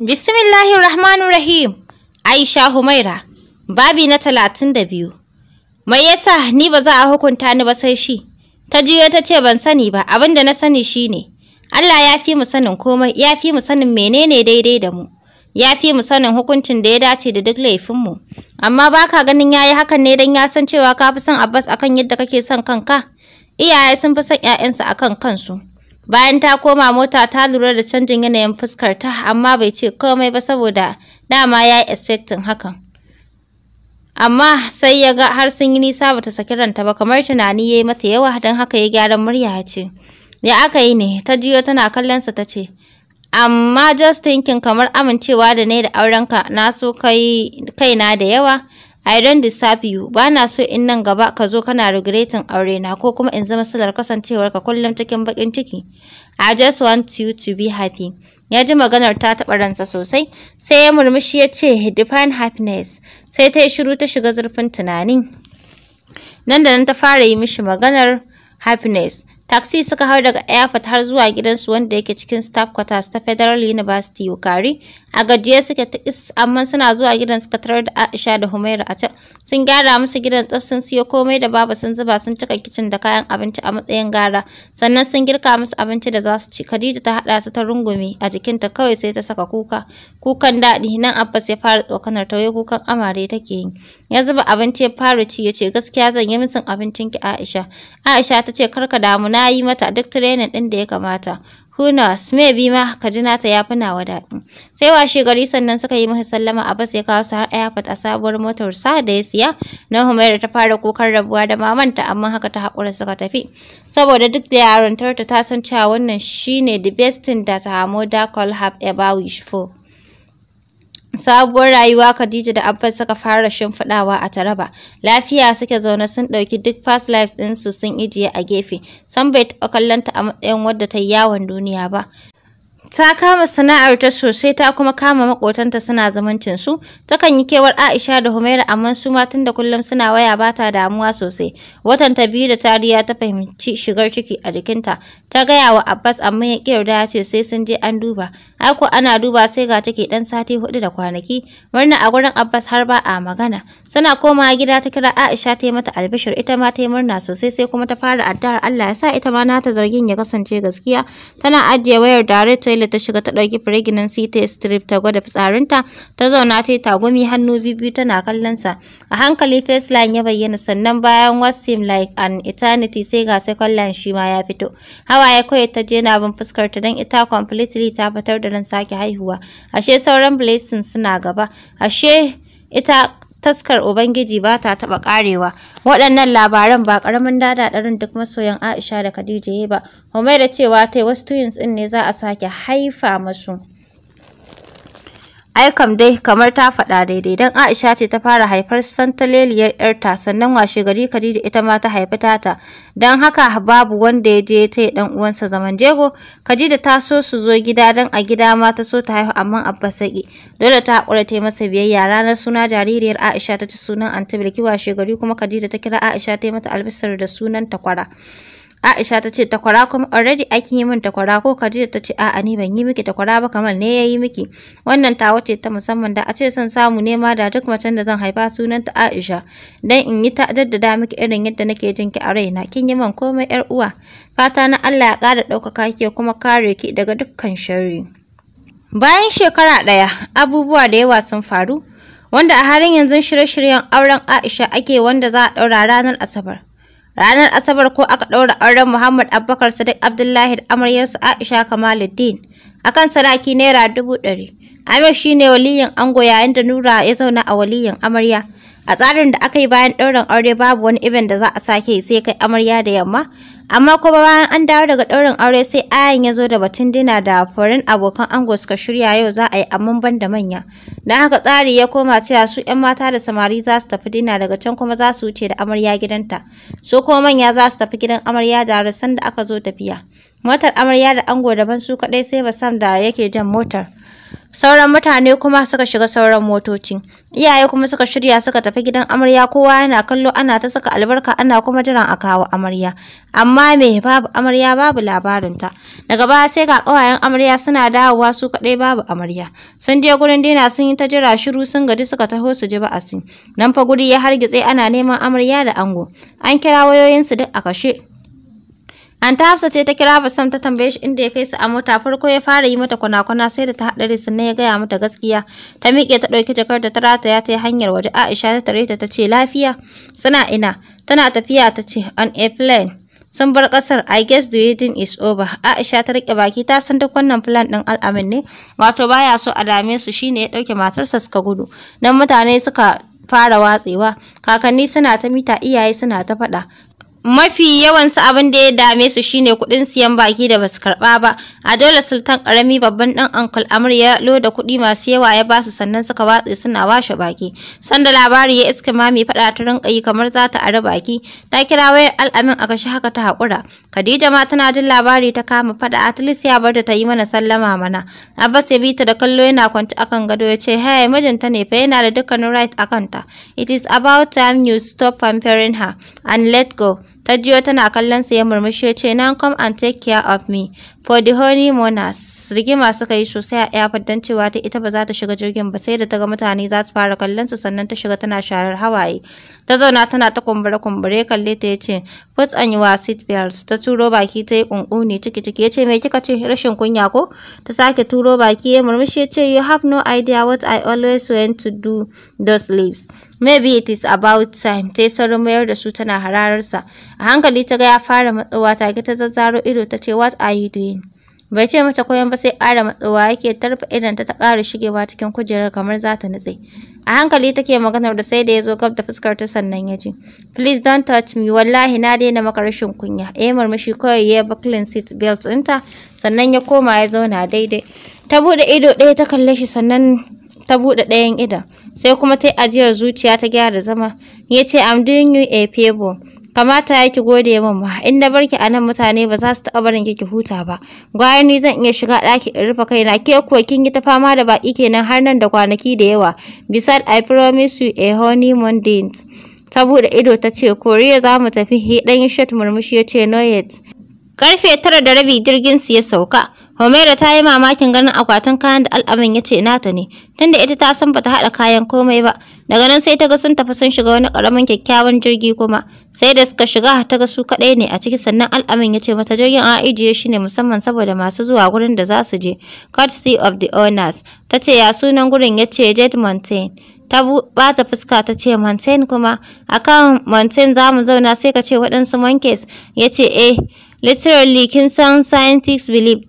Bismillahir Rahmanir Rahim. Aisha Humaira, babi na talatin da biyu. Mai yasa ni ba za a hukunta ni ba sai shi? Ta jiyo ta ce ban sani ba, abin da na sani shine. Allah ya fi mu sanin komai, ya fi mu sanin menene daidai da mu. Ya fi mu sanin hukuncin da ya dace da duk laifin mu Amma baka ganin yayi hakan ne dan ya san cewa ka fi son Abbas akan yadda kake son kanka. Iyaye sun fi son ƴaƴansu akan kansu. Bayan ta koma mota ta lura da canjin yanayin fuskarta amma bai ce komai ba saboda dama ya yi expecting hakan. Amma sai ya ga har sun yi nisa ba ta saki ranta ba kamar tunani ya yi mata yawa don haka ya gyara murya ya ce. Ya aka yi ne ta jiyo tana kallonsa ta ce. Amma just thinking kamar amincewa da ne da aurenka na so kai kaina da yawa I don't deserve you. Ba na so in nan gaba ka zo kana regretting aure na ko kuma in zama salar kasancewar ka kullum cikin bakin ciki. I just want you to be happy. Ya ji maganar ta taɓa ransa sosai, sai ya murmushi ya ce, define happiness. Sai ta yi shiru ta shiga zurfin tunani. Nan da nan ta fara yi mishi maganar happiness. Taxi suka hau daga airport har zuwa gidansu wanda yake cikin staff quarters ta Federal University Ukari. A gajiye suke is amma suna zuwa gidan suka tarar da Aisha da Humaira a can. Sun gyara musu gidan tsaf sun siyo komai da babu sun zuba sun cika kicin da kayan abinci a matsayin gara. Sannan sun girka musu abinci da za su ci. Khadija ta haɗa su ta rungume a jikinta kawai sai ta saka kuka. Kukan daɗi nan Abbas ya fara tsokanar ta wai kukan amare take yi. Ya zuba abinci ya fara ci ya ce gaskiya zan yi musu abincin ki Aisha. Aisha ta ce karka damu na na yi mata duk training ɗin da ya kamata. Who knows, maybe ma Kadinata ya fi nawa daɗi. Sai washe gari sannan suka yi masa sallama a bas ya kawo su har airport a sabuwar motar sa da ya siya. Na Humaira ta fara kukan rabuwa da mamanta amma haka ta haƙura suka tafi. Saboda duk da tarta ta san cewa wannan shine the best thing that her mother could have ever wished for. Sabuwar rayuwa Khadija da Abbas suka fara shimfiɗawa a Taraba. Lafiya suke zaune sun ɗauki duk past life ɗinsu sun ijiye a gefe. Sam bai taɓa kallonta a matsayin wadda ta yi yawon duniya ba. ta kama sana'arta sosai ta kuma kama makotanta suna zamancin su takan yi kewar Aisha da Humaira amma su ma da kullum suna waya ba ta damuwa sosai watan ta biyu da tariya ta fahimci shigar ciki a jikinta ta gaya wa Abbas amma ya ki yarda ya ce sai sun je an duba ai ko ana duba sai ga take dan sati hudu da kwanaki murna a gurin Abbas har ba a magana suna komawa gida ta kira Aisha ta yi mata albishir ita ma ta yi murna sosai sai kuma ta fara addu'ar Allah ya sa ita ma nata zargin ya kasance gaskiya tana ajiye wayar direct toilet ta shiga ta ɗauki pregnancy test strip ta gwada fitsarinta ta zauna ta yi tagumi hannu biyu tana kallon sa a hankali face ya bayyana sannan bayan what seemed like an eternity sai ga second line shi ma ya fito Hawa ya kawai ta je na bin fuskar ta dan ita completely ta fitar da ran sake haihuwa ashe sauran blessings suna gaba ashe ita taskar Ubangiji ba ta taɓa ƙarewa. Waɗannan labaran ba ƙaramin dadaɗarin duk masoyan Aisha da Khadija ba, Humaira cewa tai wasu twins ɗin ne za a sake haifa masu. Ai kam dai kamar ta faɗa daidai don Aisha ce ta fara haifar santaleliyar ‘yarta sannan washe gari Khadija ita ma ta haifi tata. Don haka babu wanda ya je ta yi ɗan uwansa zaman jego. Khadija ta so su zo gida don a gida ma ta so ta haihu amma Abba saki. Dole ta haƙura ta yi masa biyayya ranar suna jaririyar Aisha ta ci sunan Anti Bilki washe gari kuma Khadija ta kira Aisha ta yi mata albisar da sunan takwara. Aisha ta ce takwara kuma already ake yi min takwara ko Khadija ta ce a'a ni ban yi miki takwara ba kamar ne yayi miki. Wannan ta wace ta musamman da a ce son samu nema da duk macen da zan haifa sunan ta Aisha dan in yi ta jaddada miki irin yadda nake jin ki a raina kin yi min komai yar uwa. Fata na Allah ya ƙara ɗaukaka ki kuma kare ki daga dukkan sharri. Bayan shekara ɗaya abubuwa da yawa sun faru wanda a halin yanzu shirye-shiryen auren Aisha ake wanda za a ɗaura ranar Asabar. Ranar Asabar ko aka ɗaura auren Muhammad Abubakar Sadiq Abdullahi da amaryarsa Aisha Kamaluddin akan sadaki naira dubu ɗari. Amir shine waliyin ango yayin da Nura ya zauna a waliyin amarya. a tsarin da aka yi bayan ɗaurin aure babu wani event da za a sake yi sai kai amarya da yamma amma kuma bayan an dawo daga ɗaurin aure sai ayan ya zo da batun dina da furin abokan ango suka shirya yau za a yi amman ban da manya don haka tsari ya koma cewa su 'yan mata da samari za su tafi dina daga can kuma za su wuce da amarya gidanta su kuma manya za su tafi gidan amarya da da aka zo tafiya motar amarya da ango daban su kaɗai sai basam da yake jan motar sauran mutane kuma suka shiga sauran motoci iyaye kuma suka shirya suka tafi gidan amarya kowa yana kallo ana ta saka albarka ana kuma jiran a kawo amarya amma me babu amarya babu labarinta daga baya sai ga ƙawayen amarya suna dawowa su kaɗai babu amarya sun je gurin dina sun yi ta jira shiru sun gaji suka taho su ji ba'asi nan fa guri ya hargitse ana neman amarya da ango an kira wayoyinsu duk a kashe Anta Hafsa ce ta kira Basam ta tambaye shi inda ya kai su a mota farko ya fara yi mata kwana-kwana sai da ta haɗari sannan ya gaya mata gaskiya. Ta miƙe ta ɗauki jakar da ta rataya ta yi hanyar waje Aisha ta tare ta ta ce lafiya suna ina tana tafiya ta ce on a plane. sun bar kasar I guess the wedding is over. Aisha ta rike baki ta san duk wannan plan din al'amin ne. Wato baya so a dame su shine ya dauke matarsa suka gudu. Nan mutane suka fara watsewa. Kakanni suna ta mita iyaye suna ta faɗa. mafi yawansu abin da ya dame su shine kuɗin siyan baki da basu karɓa ba a dole sultan karami babban ɗan uncle amir ya loda kuɗi masu yawa ya basu sannan suka watse suna washe baki sanda labari ya iska mami faɗa ta rinka yi kamar za ta ari baki ta kira waya al'amin aka shi haka ta hakura khadija ma tana jin labari ta kama faɗa least ya bar da ta yi mana sallama mana abbas ya bi ta da kallo yana kwanci akan gado ya ce hey mijinta ne fa yana da dukkanin right akan ta it is about time you stop pampering her and let go Ta jiyo tana kallon sa ya murmushi ya ce, Now come and take care of me. For the honeymooners, rigima suka yi sosai a airport don cewa ta ita ba za ta shiga jirgin ba sai da ta ga mutane za su fara kallon su sannan ta shiga tana sharar hawaye. ta zauna tana ta kumbure-kumbure kalle ta yace ce put on your seat belts ta turo baki ta yi ƙunƙuni ciki-ciki yace ce me kika ce rashin kunya ko ta sake turo baki ya murmushi yace ce you have no idea what I always want to do those leaves maybe it is about time ta yi saurin mayar da su tana hararsa a hankali ta ga ya fara matsowa take ta zazzaro ido ta ce what are you doing bai ce mata koyon ba sai ƙara matsuwa yake tarfa idan ta ƙara shigewa cikin kujerar kamar za ta nutse a hankali take maganar da sai da ya zo gab da fuskar ta sannan ya ji please don't touch me wallahi na daina maka rashin kunya yi murmushi kawai ya ba clean seat belt ɗinta sannan ya koma ya zauna daidai ta buɗe ido ɗaya ta kalle shi sannan ta buɗe ɗayan idan sai kuma ta yi ajiyar zuciya ta gyara zama ya ce i'm doing you a favor kamata ya ki gode min ma in na barki a nan mutane ba za su taɓa barin ki huta ba gwaya ni zan iya shiga ɗaki in rufe kaina ke kuwa kin yi ta fama da baƙi kenan har nan da kwanaki da yawa beside i promise you a honeymoon date ta buɗe ido ta ce koriya za mu tafi he ɗan yi shat murmushi ya ce no yet karfe tara da rabi jirgin su ya sauka Homera ta yi mamakin ganin akwatin kayan da al'amin ya ce nata ne, tunda ita ta san bata haɗa kayan komai ba. Daga nan sai ta ga sun tafi sun shiga wani ƙaramin kyakkyawan jirgi kuma. Sai da suka shiga ta ga su kaɗai ne a ciki sannan al'amin ya ce mata jirgin a ijiye shi ne musamman saboda masu zuwa gurin da za su je. Courtesy of the owners. Ta ce ya sunan gurin ya ce Jade Mountain. ta bata fuska ta ce Mountain kuma akan Mountain za mu zauna sai ka ce waɗansu monkeys ya ce eh literally kin san scientists believe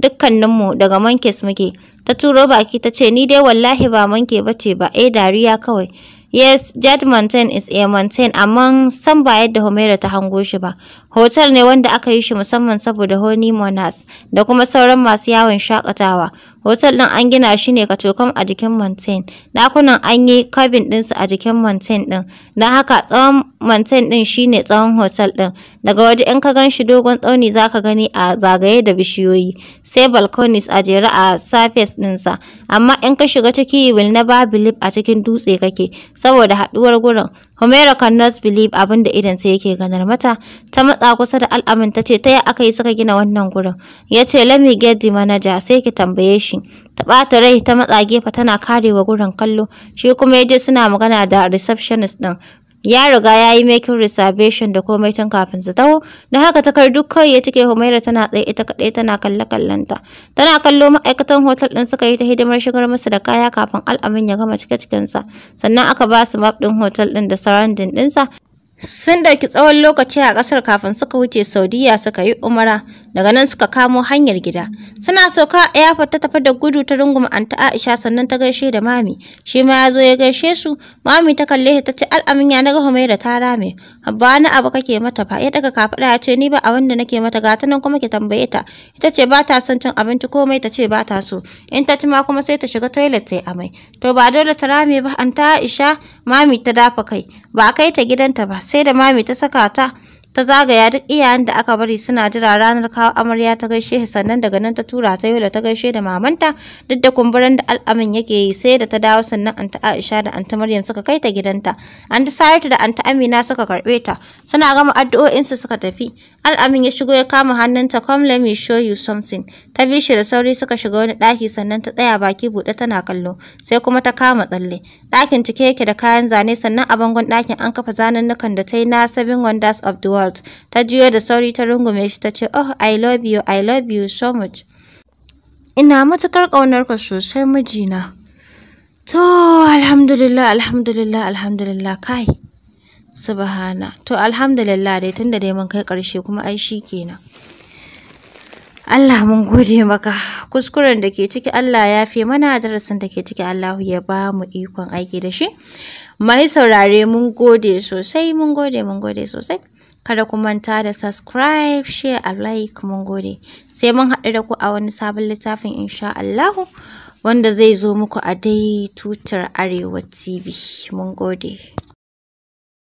dukkaninmu daga monkeys muke ta turo baki ta ce ni dai wallahi ba manke bace ba eh dariya kawai yes jet mountain is a mountain amma san ba yadda Humaira ta hango shi ba hotel ne wanda aka yi shi musamman saboda honeymooners da kuma sauran masu yawon shakatawa Hotel ɗin an gina shi ne kacokan a jikin mountain. Ɗakunan an yi kabin ɗinsu a jikin mountain ɗin. Don haka tsawon mountain ɗin shi ne tsawon hotel ɗin. Daga waje in ka gan shi dogon tsauni za ka gani a zagaye da bishiyoyi, sai balconies a jere a surface ɗinsa. Amma in ka shiga ciki you will never believe a cikin dutse kake, saboda haɗuwar gurin. Humaira cannot believe abin da idan sai yake ganar mata. Ta matsa kusa da al'amin tace ce ta ya aka yi suka gina wannan gurin. yace let me get the manager sai ki tambaye shi. Ta ɓata rai ta matsa gefe tana karewa gurin kallo. Shi kuma yaje suna magana da receptionist ɗin. ya riga ya yi making reservation da komai tun kafin su taho na haka takardu kawai ya cike humaira tana tsaye ita kaɗai tana kalle kallonta tana kallo ma'aikatan hotel ɗin suka yi ta hidimar shigar musu da kaya kafin al'amin ya gama cike cikinsa sannan aka ba su map ɗin hotel ɗin da surrounding ɗinsa sun ɗauki tsawon lokaci a ƙasar kafin suka wuce saudiya suka yi umara daga nan suka kamo hanyar gida suna sauka yafa ta tafi da gudu ta runguma anta Aisha sannan ta gaishe da mami shi ma ya zo ya gaishe su mami ta kalle ta ce al'amin ya naga Humaira ta rame ba wani abu kake mata ba ya daga kafada ya ce ni ba abin da nake mata gata nan kuma ki tambaye ta ita ce ba ta son cin abinci komai ta ce ba ta so in ta ci ma kuma sai ta shiga toilet ta yi amai to ba dole ta rame ba anta Aisha mami ta dafa kai ba a kai ta gidanta ba sai da mami ta saka ta ta zagaya duk iyayen da aka bari suna jira ranar kawo amarya ta gaishe sannan daga nan ta tura ta yola ta gaishe da mamanta duk da kumburin da al'amin yake yi sai da ta dawo sannan anta Aisha da anta Maryam suka kai ta gidanta ta Saratu da anta Amina suka karbe ta suna gama addu'o'in su suka tafi al'amin ya shigo ya kama hannunta come let me show you something ta bi shi da sauri suka shiga wani ɗaki sannan ta tsaya baki buɗe tana kallo sai kuma ta kama tsalle ɗakin cike yake da kayan zane sannan a bangon ɗakin an kafa zanannukan da ta yi na seven wonders of the world world. Ta juyo da sauri ta rungume shi ta ce, Oh, I love you, I love you so much. Ina matuƙar ƙaunarka sosai mijina. To, alhamdulillah, alhamdulillah, alhamdulillah, kai. Subhana. To, alhamdulillah dai tunda dai mun kai ƙarshe kuma ai shi kenan. Allah mun gode maka kuskuren da ke ciki Allah ya fi mana darasin da ke ciki Allahu ya ba mu ikon aiki da shi mai saurare mun gode sosai mun gode mun gode sosai Kada ku manta da subscribe, share, a like, mun gode. Sai mun haɗu da ku a wani sabon littafin insha Allahu wanda zai zo muku a dai tutar Arewa TV. Mun gode.